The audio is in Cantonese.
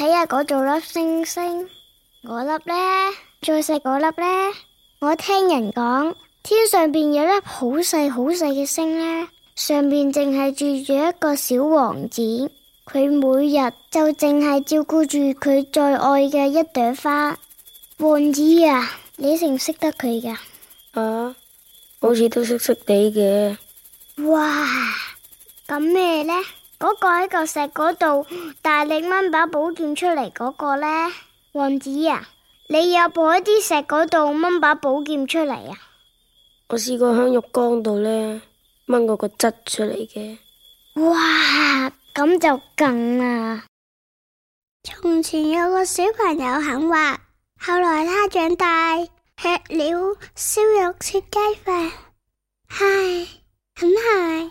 睇下嗰做粒星星，嗰粒咧，最細嗰粒咧。我聽人講，天上邊有粒好細好細嘅星咧，上面淨係住住一個小王子，佢每日就淨係照顧住佢最愛嘅一朵花。王子啊，你識唔識得佢噶？啊，好似都識識地嘅。哇，咁咩咧？嗰、那個喺個石嗰度大力掹把寶劍出嚟嗰個呢？王子啊，你有冇喺啲石嗰度掹把寶劍出嚟啊？我試過響浴缸度呢掹嗰個汁出嚟嘅。哇，咁就勁啊！從前有個小朋友肯畫，後來他長大吃了燒肉切雞飯，唉，很嗨